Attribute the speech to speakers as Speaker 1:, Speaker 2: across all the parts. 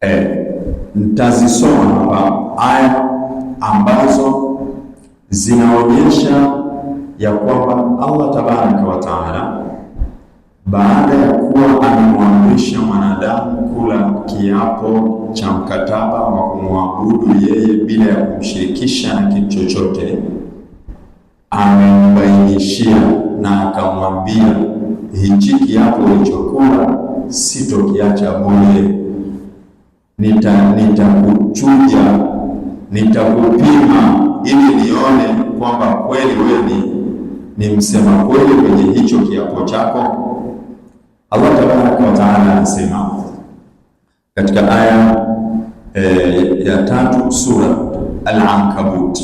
Speaker 1: eh, nitazisoma hapa aya ambazo zinaonyesha ya kwamba Allah tabaraka wa taala baada ya kuwa amemwamrisha mwanadamu kula kiapo cha mkataba wa kumwabudu yeye bila ya kumshirikisha na kitu chochote, amembainishia na akamwambia hichi kiapo ulichokula sitokiacha bure nitakuchuja, nitakupima ili nione kwamba kweli wewe ni ni msema kweli kwenye hicho kiapo chako. Allah tabaraka wa taala anasema katika aya e, ya tatu sura Al-Ankabut,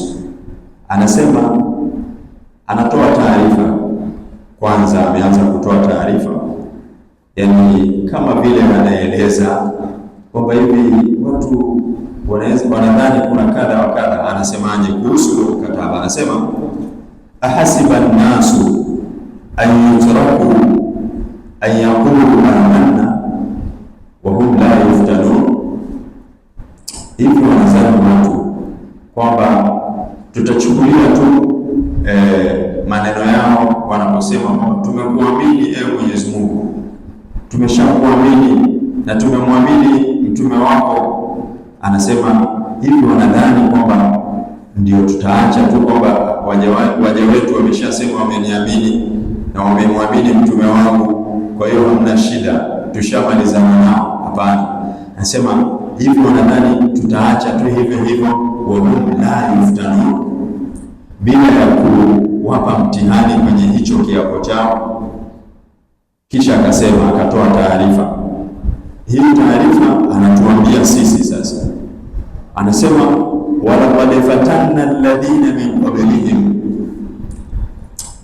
Speaker 1: anasema anatoa taarifa kwanza, ameanza kutoa taarifa, yani kama vile anaeleza kwamba hivi watu wanadhani kuna kadha wa kadha. Anasemaje kuhusu mkataba? Anasema ahasiba nnasu an yutraku an yaqulu amanna wa hum la yuftanun, hivi wanazani watu kwamba tutachukulia tu eh, maneno yao wanaposema tumekuamini, ewe eh, Mwenyezi Mungu, tumeshakuamini na tumemwamini mtume wako anasema hivi, wanadhani kwamba ndio tutaacha tu kwamba waja wetu wameshasema wameniamini na wamemwamini mtume wangu, kwa hiyo hamna shida, tushamalizana nao? Hapana, anasema hivi, wanadhani tutaacha tu hivyo hivyo? wahum la yuftanun, bila ya kuwapa mtihani kwenye hicho kiapo chao. Kisha akasema akatoa taarifa hii taarifa anatuambia sisi sasa, anasema walaqad fatanna alladhina min qablihim,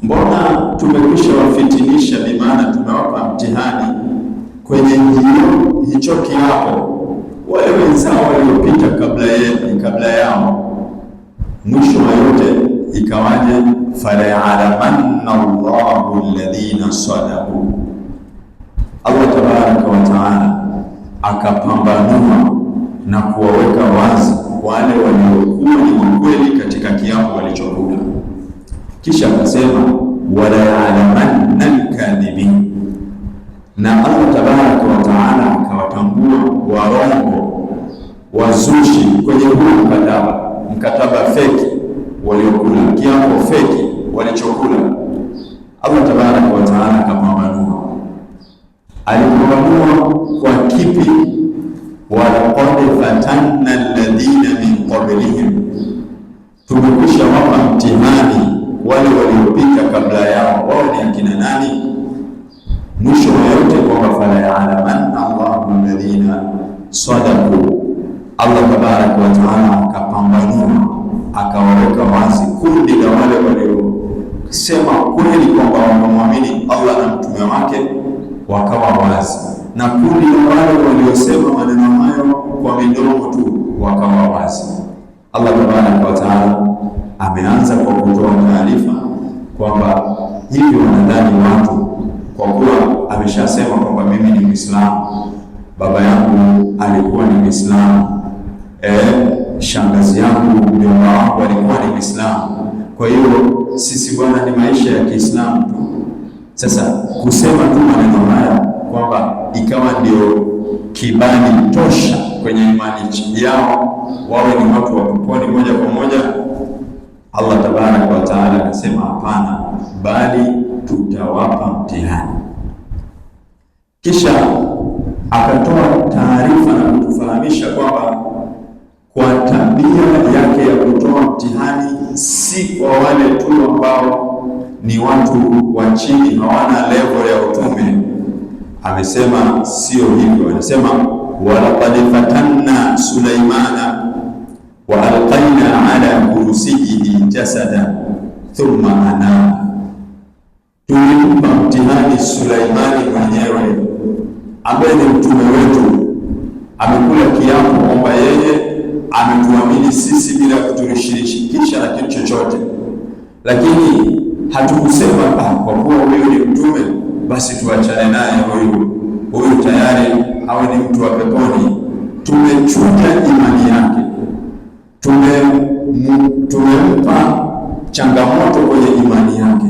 Speaker 1: mbona tumekwisha wafitinisha, bimaana tumewapa mtihani kwenye hiyo hicho kiapo wale wenzao waliopita kabla yetu, kabla yao. Mwisho wa yote ikawaje? falayalamanna Allahu alladhina sadaku, Allah tabaraka wa taala akapambanua na kuwaweka wazi wale waliokuwa ni wakweli katika kiapo walichokula. Kisha akasema walayalamanna lkadhibin na Allah tabaraka wa taala akawatambua warongo wazushi kwenye huu mkataba, mkataba feki waliokula, kiapo feki walichokula. Allah tabaraka wa taala akapambanua alipoamua kwa kipi, walaqad fatanna alladhina min qablihim, tumekwisha wapa mtihani wale waliopita kabla yao. Wao ni akina nani? Mwisho wa yote kwamba falayalamanna Allahu alladhina sadaku, Allah tabaraka wa taala akapambanua akawaweka wazi kundi la wale waliosema kweli kwamba wamemwamini Allah na mtume wake wakawa wazi, na kundi la wale waliosema maneno hayo kwa midomo tu wakawa wazi. Allah tabaraka wa taala ameanza kwa kutoa taarifa kwamba hivi wanadhani watu, kwa kuwa ameshasema kwamba mimi ni Mwislamu, baba yangu alikuwa ni Mwislamu, e, eh, shangazi yangu, mjomba wangu alikuwa ni Mwislamu. Kwa hiyo sisi bwana, ni maisha ya Kiislamu tu sasa kusema tu maneno haya kwamba ikawa ndio kibali tosha kwenye imani yao, wawe ni watu wa peponi moja kwa moja, Allah tabaraka wa taala akasema hapana, bali tutawapa mtihani. Kisha akatoa taarifa na kutufahamisha kwamba kwa tabia yake ya kutoa mtihani si kwa wale tu ambao ni watu wa chini, hawana level ya utume. Amesema sio hivyo, anasema walaqad fatanna Sulaimana wa alqaina ala kursiyihi jasada thumma ana, tulimpa mtihani Sulaimani mwenyewe ambaye ni mtume wetu, amekula kiapo kwamba yeye ametuamini sisi bila kuturishirikisha na kitu chochote, lakini hatukusema kwa kuwa huyu ni mtume basi tuachane naye huyu, huyu tayari awe ni mtu wa peponi. Tumechuja imani yake, tumempa changamoto kwenye imani yake,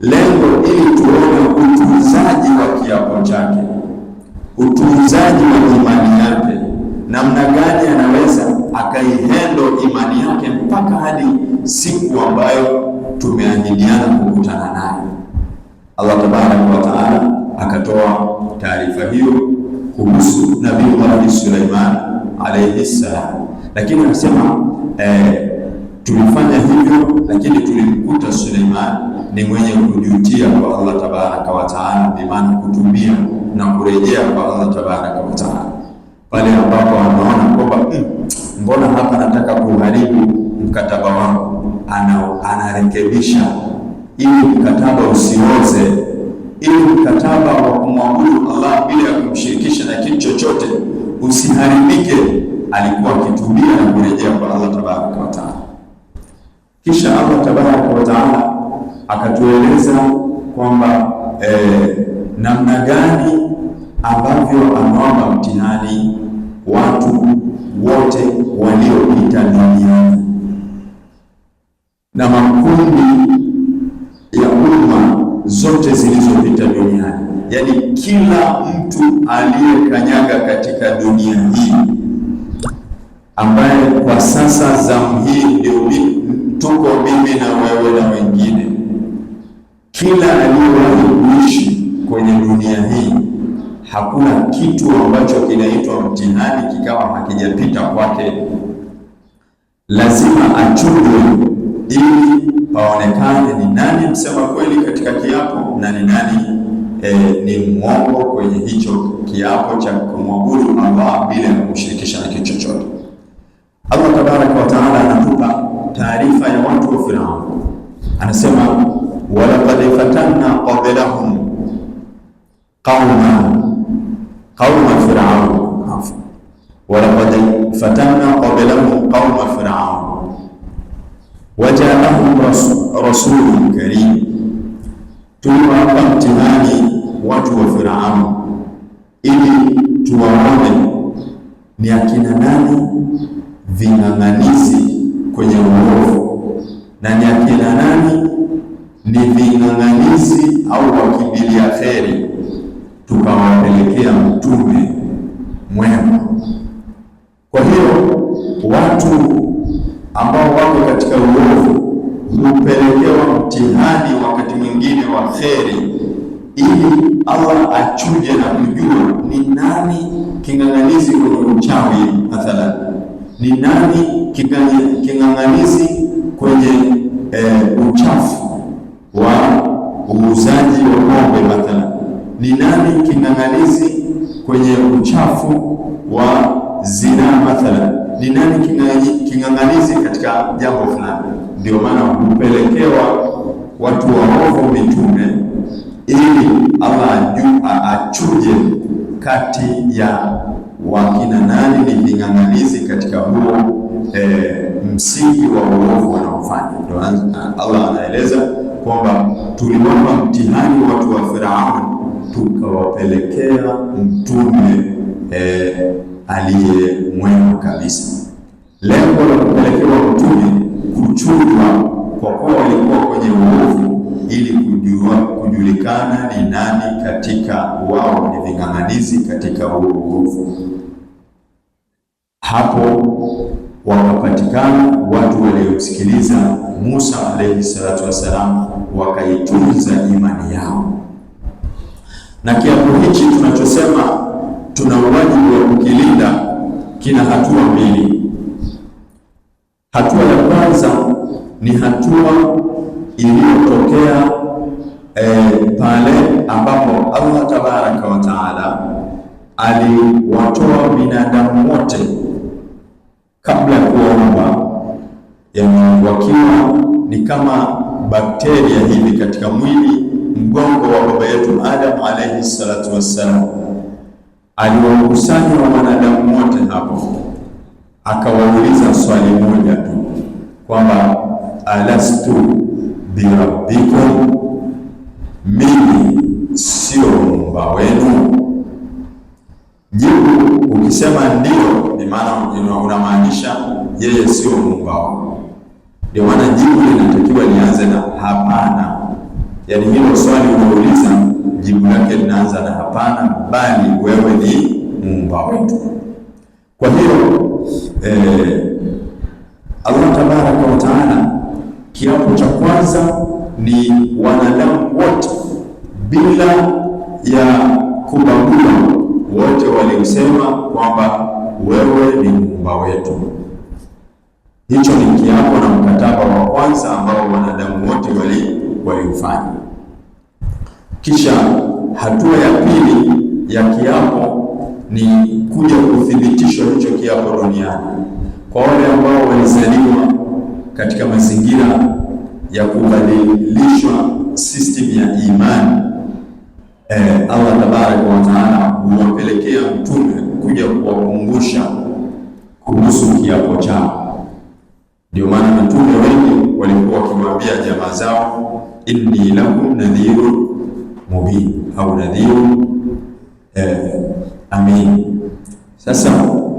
Speaker 1: lengo ili tuone utunzaji wa kiapo chake, utunzaji wa imani yake, namna gani anaweza akaihendo imani yake mpaka hadi siku ambayo tumeahidiana kukutana naye. Allah tabaraka wa taala akatoa taarifa hiyo kuhusu Muhammad Sulaiman alayhi salam, lakini anasema eh, tulifanya hivyo lakini tulimkuta Suleiman ni mwenye kujutia kwa Allah tabaraka wa taala, bimaana kutumia na kurejea kwa Allah tabaraka wa taala pale ambapo anaona kwamba hmm, mbona hapa nataka kuharibu mkataba wako, anarekebisha ili mkataba usioze, ili mkataba wa kumwabudu Allah bila ya kumshirikisha na kitu chochote usiharibike. Alikuwa akitubia na kurejea kwa Allah tabaraka wataala. Kisha Allah tabaraka wataala akatueleza kwamba eh, namna gani ambavyo amewapa mtihani watu wote waliopita duniani na makundi ya umma zote zilizopita duniani, yaani kila mtu aliyekanyaga katika dunia hii ambaye kwa sasa zamu hii ndio tuko mimi na wewe na wengine, kila aliyewahi kuishi kwenye dunia hii, hakuna kitu ambacho kinaitwa mtihani kikawa hakijapita kwake, lazima achujwe ili paonekane ni nani msema kweli katika kiapo na ni nani e, ni mwongo kwenye hicho kiapo cha kumwabudu Allah bila ya kumshirikisha na kitu chochote. Allah tabaraka wa taala anatupa taarifa ya watu wa Firaun, anasema walaqad fatanna qablahum qauma qauma firaun, walaqad fatanna qablahum qauma firaun wajaahum rasulun karim, tuliwapa mtihani watu wa Firaun ili tuwaone ni akina nani ving'ang'anizi kwenye uovu na ni akina nani ni ving'ang'anizi au wakimbilia kheri, tukawapelekea mtume mwema. Kwa hiyo watu ambao wako katika uovu hupelekewa mtihani wakati mwingine wa kheri, ili Allah achuje na kujua ni nani king'ang'anizi kwenye uchawi mathalan, ni nani king'ang'anizi kwenye e, uchafu wa uuzaji wa pombe mathalan, ni nani king'ang'anizi kwenye uchafu wa zinaa mathalan ni nani king'ang'anizi katika jambo fulani. Ndio maana hupelekewa watu waovu mitume, ili Allah ajua achuje kati ya wakina nani ni kingang'anizi katika huo e, msingi wa uovu wanaofanya. Ndio ah, Allah anaeleza kwamba tuliwapa mtihani watu wa Firauni tukawapelekea mtume e, aliye mwema kabisa. Lengo la kupelekewa mtume kuchujwa, kwa kuwa walikuwa kwenye uovu, ili kujua kujulikana ni nani katika wao ni ving'ang'anizi katika huo uovu. Hapo wakapatikana watu waliomsikiliza Musa alayhi salatu wassalam, wakaitunza imani yao, na kiapo hichi tunachosema tuna wajibu wa kukilinda, kina hatua mbili. Hatua ya kwanza ni hatua iliyotokea e, pale ambapo Allah tabaraka wa taala aliwatoa binadamu wote kabla ya kuwaumba, yani wakiwa ni kama bakteria hivi katika mwili mgongo wa baba yetu Adam alaihi salatu wassalam aliwakusanya wa wanadamu wote hapo, akawauliza swali moja tu kwamba alastu birabbikum, mimi sio Muumba wenu? Jibu ukisema ndio, ni maana unamaanisha yeye sio Muumba wao. Ndio maana jibu linatakiwa lianze na hapana, yaani hilo swali unauliza jibu lake linaanza na hapana, bali wewe ni muumba wetu. Kwa hiyo eh, Allah tabaraka wa taala, kiapo cha kwanza ni wanadamu wote bila ya kubagua, wote waliosema kwamba wewe ni muumba wetu. Hicho ni kiapo na mkataba wa kwanza ambao wanadamu wote waliufanya kisha hatua ya pili ya kiapo ni kuja kuthibitishwa hicho kiapo duniani. Kwa wale ambao walizaliwa katika mazingira ya kubadilishwa system ya imani eh, Allah tabaraka wa taala huwapelekea mtume kuja kuwakumbusha kuhusu kiapo chao. Ndio maana mtume wengi walikuwa wakiwaambia jamaa zao, inni lakum nadhirun mubin au nadhiru eh, amin. Sasa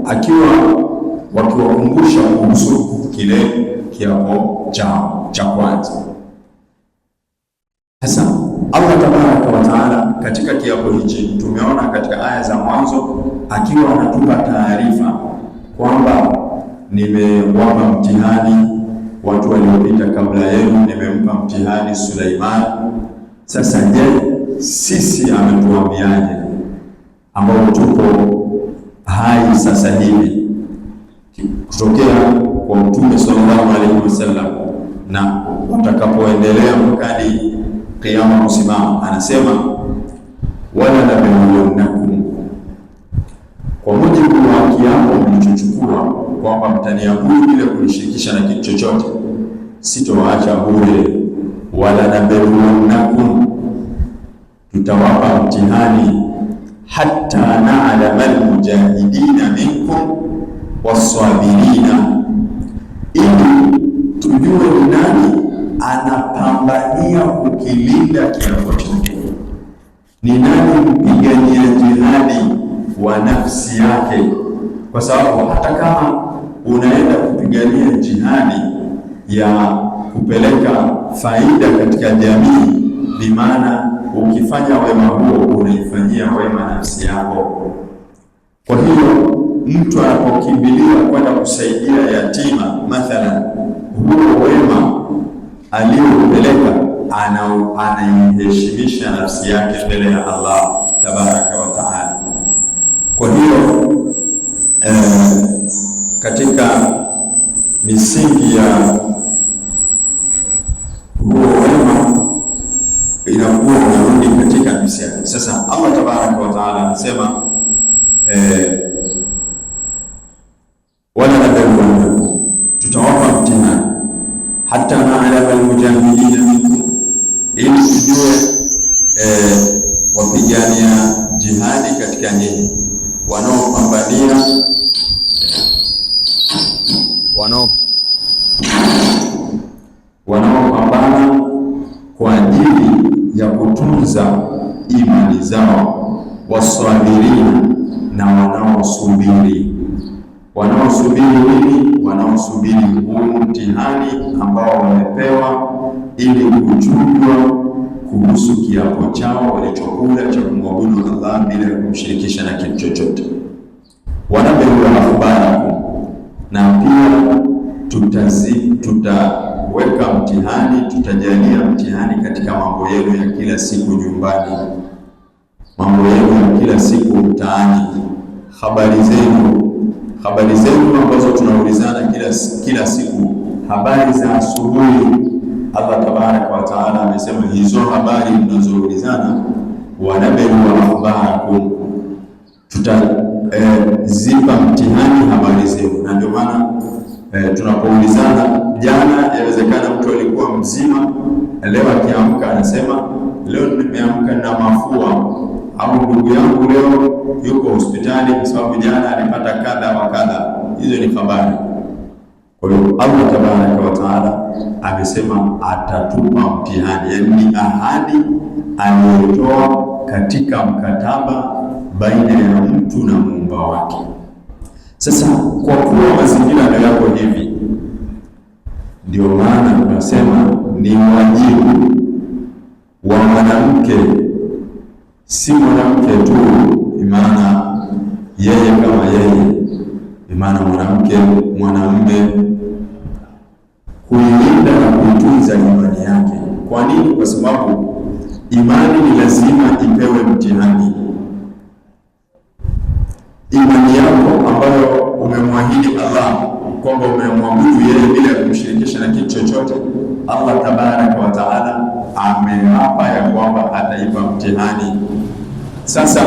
Speaker 1: akiwa wakiwakumbusha kuhusu kile kiapo cha cha kwanza. Sasa Allah tabaraka wa taala katika kiapo hichi tumeona katika aya za mwanzo akiwa anatupa taarifa kwamba nimewapa mtihani watu waliopita kabla yenu, nimempa mtihani Suleiman. Sasa je sisi ametuambiaje, ambao tupo hai sasa hivi kutokea kwa Mtume sallallahu alaihi wasallam na watakapoendelea mkali kiama kusimama, anasema wala nabluwannakum, kwa mujibu wa kiapo mlichochukua kwamba mtaniabudu bila kunishirikisha na kitu chochote, sitowaacha bure. Wala nabluwannakum nitawapa mtihani hatta naalama almujahidina minkum wasabirina, ili tujue ni nani anapambania kukilinda kiapo chake, ni nani mpigania jihadi wa nafsi yake, kwa sababu hata kama unaenda kupigania jihadi ya kupeleka faida katika jamii, bimaana ukifanya wema huo unaifanyia wema nafsi yako. Kwa hiyo mtu anapokimbilia kwenda kusaidia yatima mathalan, huo wema aliyoupeleka anaiheshimisha nafsi yake mbele ya Allah tabaraka wa taala. Kwa hiyo wanao wanaopambana kwa ajili ya kutunza imani zao, waswabirina, na wanaosubiri. Wanaosubiri nini? Wanaosubiri huu mtihani ambao wamepewa ili kuchujwa kuhusu kiapo chao walichokula cha kumwabudu Allah bila ya kumshirikisha na kitu chochote wanapeua mafubani, na pia tutazi, tutaweka mtihani, tutajalia mtihani katika mambo yenu ya kila siku nyumbani, mambo yenu ya kila siku mtaani, habari zenu habari zetu ambazo tunaulizana kila, kila siku habari za asubuhi. Allah tabaraka wa taala amesema hizo habari mnazoulizana, wanabeluwa akhbarakum tuta eh, zipa mtihani habari zenu. Na ndio maana eh, tunapoulizana jana, yawezekana mtu alikuwa mzima, leo akiamka anasema leo nimeamka na mafua, au ndugu yangu leo yuko hospitali kwa sababu jana alipata kadha wa kadha. Hizo ni habari. Kwa hiyo Allah tabaraka wa taala amesema atatupa mtihani, yaani ni ahadi aliyotoa katika mkataba baina ya mtu na muumba wake. Sasa kwa kuwa mazingira yako hivi, ndio maana tunasema ni wajibu wa mwanamke, si mwanamke tu, imana yeye kama yeye, imana mwanamke, mwanamume, kuilinda na kuitunza imani yake. Kwa nini? Kwa sababu imani ni lazima ipewe mtihani imani yako ambayo umemwahidi Allah kwamba umemwabudu yeye bila kumshirikisha na kitu chochote. Allah tabaraka wa taala ameapa ya kwamba ataipa mtihani. Sasa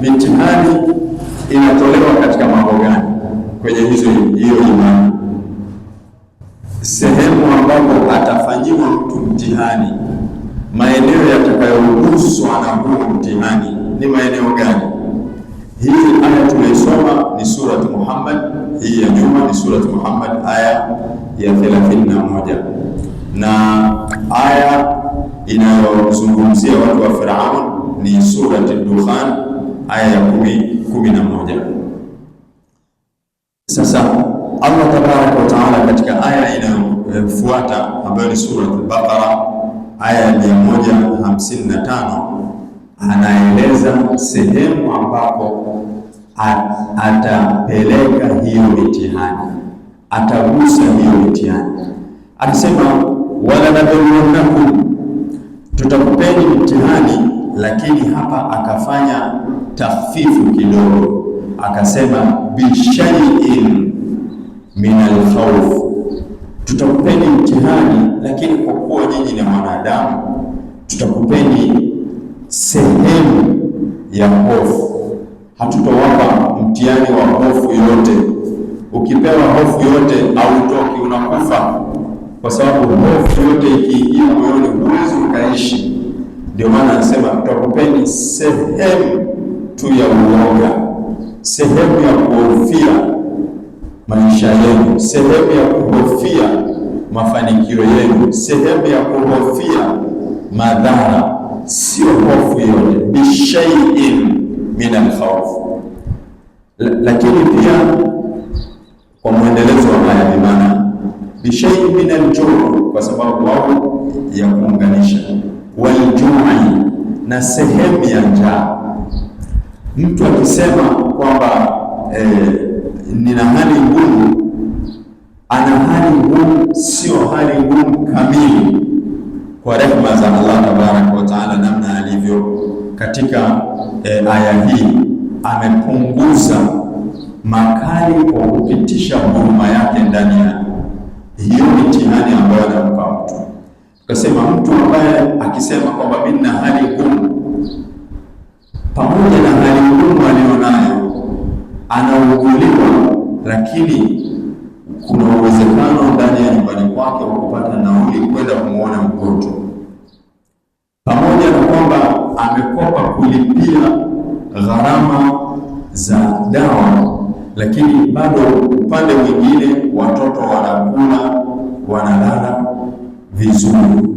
Speaker 1: mitihani inatolewa katika mambo gani kwenye hizo hiyo imani? Sehemu ambapo atafanyiwa mtu mtihani, maeneo yatakayoguswa na huo mtihani ni maeneo gani? Hii aya tunaisoma ni surati Muhammad, hii ya nyuma ni surati Muhammad aya ya 31, na aya inayozungumzia watu wa Firaun ni surati Dukhan aya ya 11. Sasa Allah tabaraka wa taala katika aya inayofuata ambayo ni surati Baqara aya ya 155 anaeleza sehemu ambapo atapeleka hiyo mitihani, atagusa hiyo mitihani. Anasema wala nabluwannakum, tutakupeni mtihani, lakini hapa akafanya tafifu kidogo, akasema bishaiin min alkhawf, tutakupeni mtihani, lakini kwa kuwa nyinyi ni mwanadamu, tutakupeni sehemu ya hofu. Hatutowapa mtihani wa hofu yoyote. Ukipewa hofu yote hautoki, unakufa, kwa sababu hofu yote ikiingia moyoni huwezi ukaishi. Ndio maana anasema tutakupeni sehemu tu ya uoga, sehemu ya kuhofia maisha yenu, sehemu ya kuhofia mafanikio yenu, sehemu ya kuhofia madhara sio hofu yote, bishaiin min alkhawfu. Lakini pia kwa mwendelezo wa haya bimaana bishaiin min aljuu, kwa sababu wao ya kuunganisha waljui na sehemu ya njaa. Mtu akisema kwamba eh, nina hali ngumu, ana hali ngumu, sio hali ngumu kamili kwa rehma za Allah tabaraka wa taala, namna alivyo katika e, aya hii amepunguza makali kwa kupitisha huruma yake ndani ya hiyo mitihani ambayo anampa mtu. Tukasema mtu ambaye akisema kwamba mimi na hali ngumu, pamoja na hali ngumu aliyonayo anauguliwa, lakini uwezekano ndani ya nyumbani kwake wa kupata nauli kwenda kumwona mgonjwa, pamoja na kwamba amekopa kulipia gharama za dawa, lakini bado upande mwingine watoto wanakula wanalala vizuri.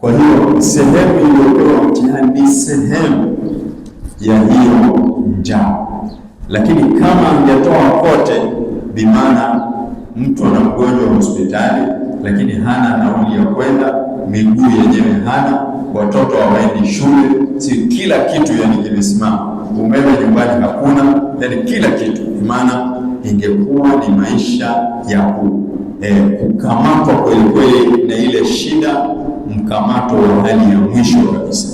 Speaker 1: Kwa hiyo sehemu iliyopewa mtihani ni sehemu ya hiyo njaa, lakini kama angetoa kote, bimaana mtu ana mgonjwa wa hospitali, lakini hana nauli ya kwenda, miguu yenyewe hana, watoto hawaendi shule, si kila kitu yani kimesimama, umeme nyumbani hakuna, yani kila kitu. Maana ingekuwa ni maisha ya ku eh, kukamatwa kwelikweli na ile shida, mkamato wa hali ya mwisho kabisa.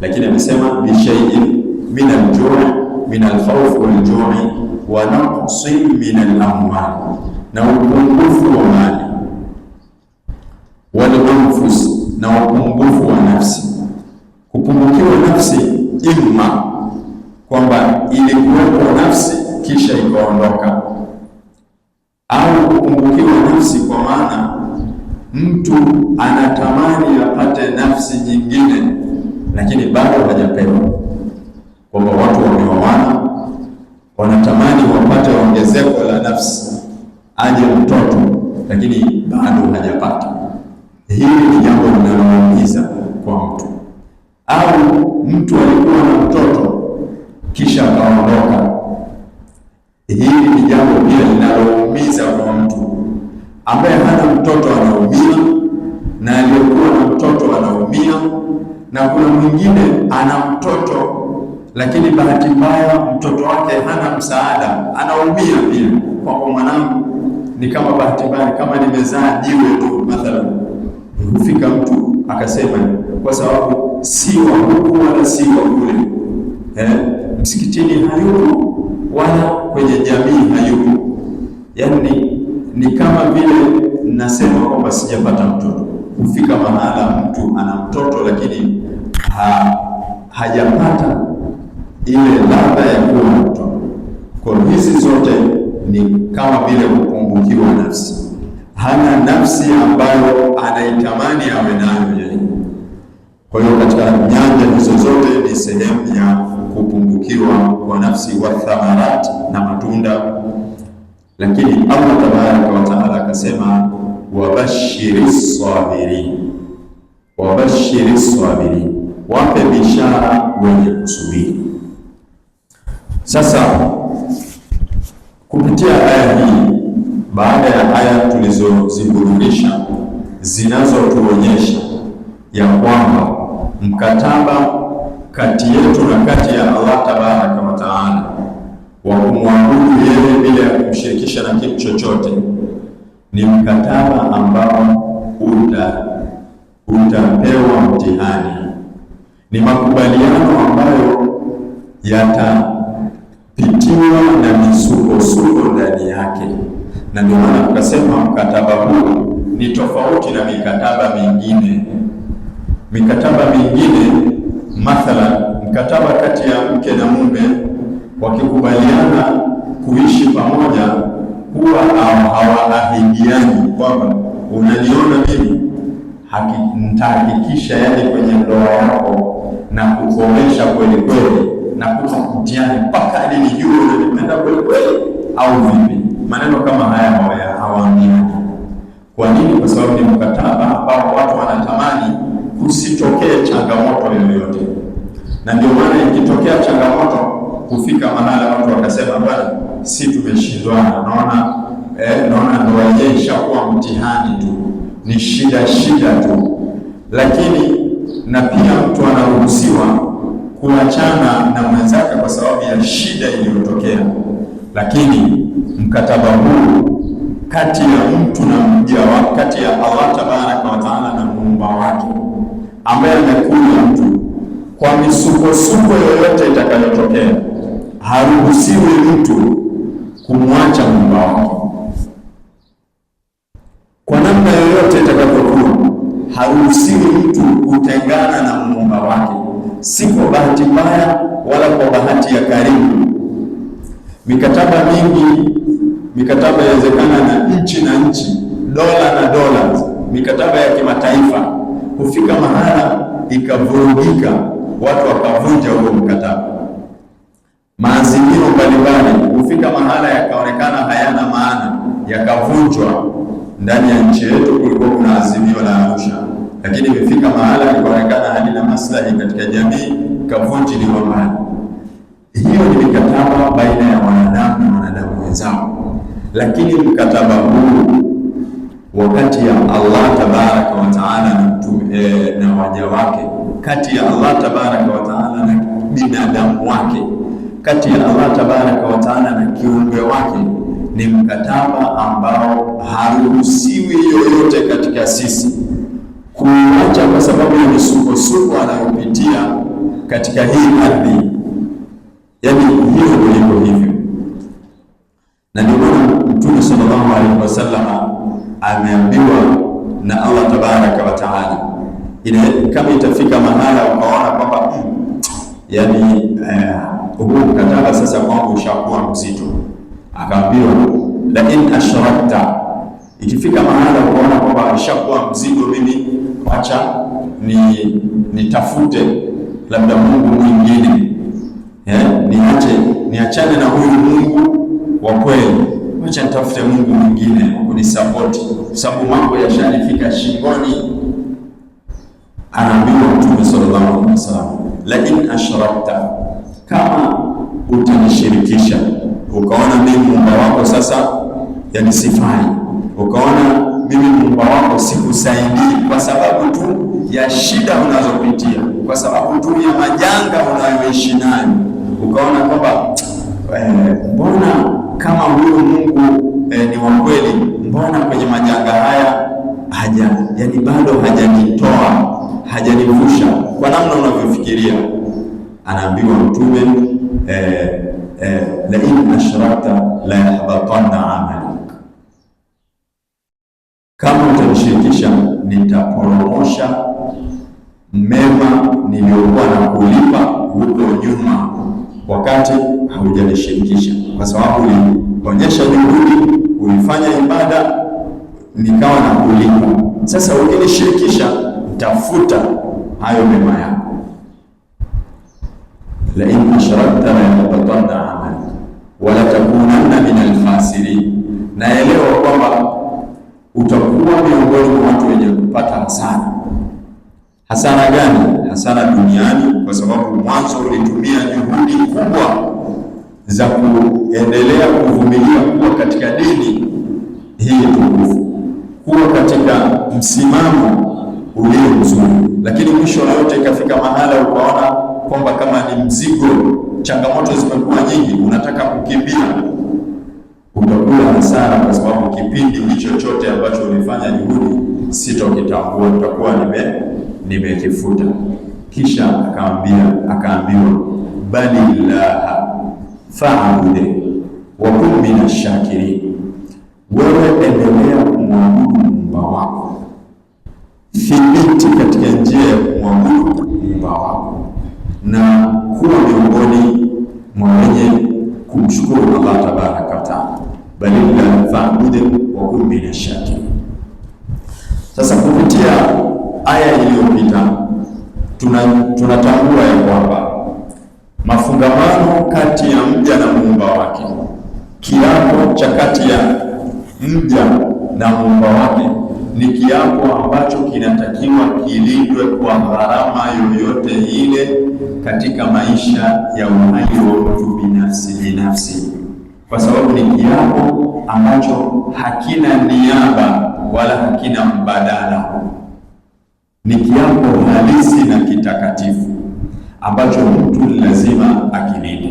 Speaker 1: Lakini amesema bishaiin min aljui min alkhaufi waljui wa min alamwali na upungufu wa mali, wal anfus, na upungufu wa nafsi. Kupungukiwa nafsi, ima kwamba ilikuwepo nafsi kisha ikaondoka, au kupungukiwa nafsi kwa maana mtu anatamani apate nafsi nyingine, lakini bado hajapewa, kwamba watu wameoana wanatamani wapate ongezeko la nafsi aje mtoto, lakini bado hajapata. Hili ni jambo linaloumiza kwa mtu, au mtu alikuwa na mtoto kisha akaondoka. Hili ni jambo pia linaloumiza kwa mtu, ambaye hana mtoto anaumia, na aliyekuwa na mtoto anaumia, na kuna mwingine ana mtoto lakini bahati mbaya mtoto wake hana msaada, anaumia pia. Kwa mwanangu ni kama bahati mbaya, kama nimezaa jiwe tu mathalan, hufika mtu akasema kwa sababu si wa huku wala si wa kule, eh, msikitini hayupo wala kwenye jamii hayupo, yani ni kama vile nasema kwamba sijapata mtoto. Hufika mahala mtu ana mtoto lakini ha, hajapata ile ladha ya kuwa mtoto. Kwa hizi zote ni kama vile kupungukiwa nafsi. Hana nafsi ambayo anaitamani awe nayo yeye. Kwa hiyo katika nyanja hizo zote ni sehemu ya kupungukiwa kwa nafsi, wa thamarat na matunda. Lakini Allah tabaraka wa taala akasema, wabashiri sabiri, wabashiri sabiri, wape bishara wenye kusubiri. Sasa Kupitia aya hii, baada ya aya tulizoziburudisha zinazotuonyesha ya kwamba mkataba kati yetu na kati ya Allah tabaraka wa taala wa kumwabudu yeye bila ya kumshirikisha na kitu chochote ni mkataba ambao uta utapewa mtihani, ni makubaliano ambayo yatapitiwa ndani yake, na ndio maana tukasema mkataba huu ni tofauti na mikataba mingine. Mikataba mingine mathalan, mkataba kati ya mke na mume wakikubaliana kuishi pamoja, huwa hawaahidiani kwamba unaniona mimi nitahakikisha yani kwenye ndoa yako na kukomesha kweli kweli na kutakutiani mpaka hadi nijue unanipenda kweli kweli au vipi? Maneno kama haya hawaambiani. Kwa nini? Kwa sababu ni mkataba ambao watu wanatamani kusitokee changamoto yoyote, na ndio maana ikitokea changamoto kufika mahala watu wakasema, bwana, si tumeshindwana, naona eh, naona ndoa yenyewe ishakuwa mtihani tu, ni shida shida tu. Lakini na pia mtu anaruhusiwa kuachana na mwenzake kwa sababu ya shida iliyotokea. Lakini mkataba huu kati ya mtu na mja wake, kati ya Allah tabaraka wataala taala na muumba wake ambaye amekuja mtu kwa misukosuko yoyote itakayotokea, haruhusiwi mtu kumwacha muumba wake kwa namna yoyote itakapokuwa, haruhusiwi mtu kutengana na muumba wake, si kwa bahati mbaya wala kwa bahati ya karibu mikataba mingi, mikataba yawezekana na nchi na nchi, dola na dola, mikataba ya kimataifa hufika mahala ikavurugika, watu wakavunja huo mkataba. Maazimio mbalimbali hufika mahala yakaonekana hayana maana, yakavunjwa. Ndani ya nchi yetu kulikuwa kuna azimio la Arusha, lakini imefika mahala ikaonekana halina maslahi katika jamii, kavunjiliwa mali hiyo ni mikataba baina ya wanadamu na wanadamu wenzao, lakini mkataba huu wakati ya Allah tabaraka wa taala e, na waja wake, kati ya Allah tabaraka wa taala na binadamu wake, kati ya Allah tabaraka wa taala na kiumbe wake, ni mkataba ambao haruhusiwi yoyote katika sisi kuacha kwa sababu ya misukosuko anayopitia katika hii ardhi. Yaani hivyo kuliko hivyo, na ndio maana Mtume sallallahu alaihi wasallam ameambiwa na Allah tabaraka wa taala, kama itafika mahala ukaona kwamba hmm, yaani eh, huu mkataba sasa kwangu ushakuwa mzito, akaambiwa la in ashrakta, ikifika mahala ukaona kwamba ishakuwa mzigo, mimi acha nitafute labda Mungu mwingine Eh? niache niachane na huyu Mungu wa kweli, acha nitafute Mungu mwingine wa kwa sababu mambo yashanifika shingoni. Anaambiwa Mtume sallallahu alaihi wasallam, la ashrakta, kama utanishirikisha ukaona mimi muumba wako sasa yanisifai, ukaona mimi muumba wako sikusaidii, kwa sababu tu ya shida unazopitia, kwa sababu tu ya majanga unayoishi nayo ukaona kwamba eh, mbona kama huyu Mungu eh, ni wa kweli, mbona kwenye majanga haya haja yani bado hajanitoa hajanivusha kwa namna unavyofikiria. Anaambiwa mtume eh, eh, la in ashrakta la yahbatanna amaluk, kama utanishirikisha nitaporomosha mema niliyokuwa na kulipa huko nyuma wakati haujanishirikisha, kwa sababu ulionyesha juhudi, ulifanya ibada nikawa na kulipa. Sasa ukinishirikisha, tafuta hayo mema yako. la in ashrakta la yaqtatanna amali wala takunanna min alkhasirin, naelewa kwamba utakuwa miongoni mwa watu wenye kupata msana Hasara gani? Hasara duniani, kwa sababu mwanzo ulitumia juhudi kubwa za kuendelea kuvumilia kuwa katika dini hii tukufu, kuwa katika msimamo ulio mzuri, lakini mwisho wa yote ikafika mahala ukaona kwamba kama ni mzigo, changamoto zimekuwa nyingi, unataka kukimbia, utakuwa hasara, kwa sababu kipindi hicho chote ambacho ulifanya juhudi sitokitambua, utakuwa nime nimekifuta. Kisha akaambia akaambiwa, bali llaha faabude wa kun mina shakirin, wewe endelea kumwabudu muumba wako, thibiti katika njia ya kumwabudu muumba wako na kuwa miongoni mwa wenye kumshukuru Allah tabaraka wataala, bali llaha faabude wa kun mina shakirin. Sasa kupitia aya tunatambua tuna ya kwamba mafungamano kati ya mja na muumba wake, kiapo cha kati ya mja na muumba wake ni kiapo ambacho kinatakiwa kilindwe kwa gharama yoyote ile katika maisha ya uhai wa mtu binafsi binafsi, kwa sababu ni kiapo ambacho hakina niaba wala hakina mbadala ni kiapo halisi na kitakatifu ambacho mtu lazima akilinde.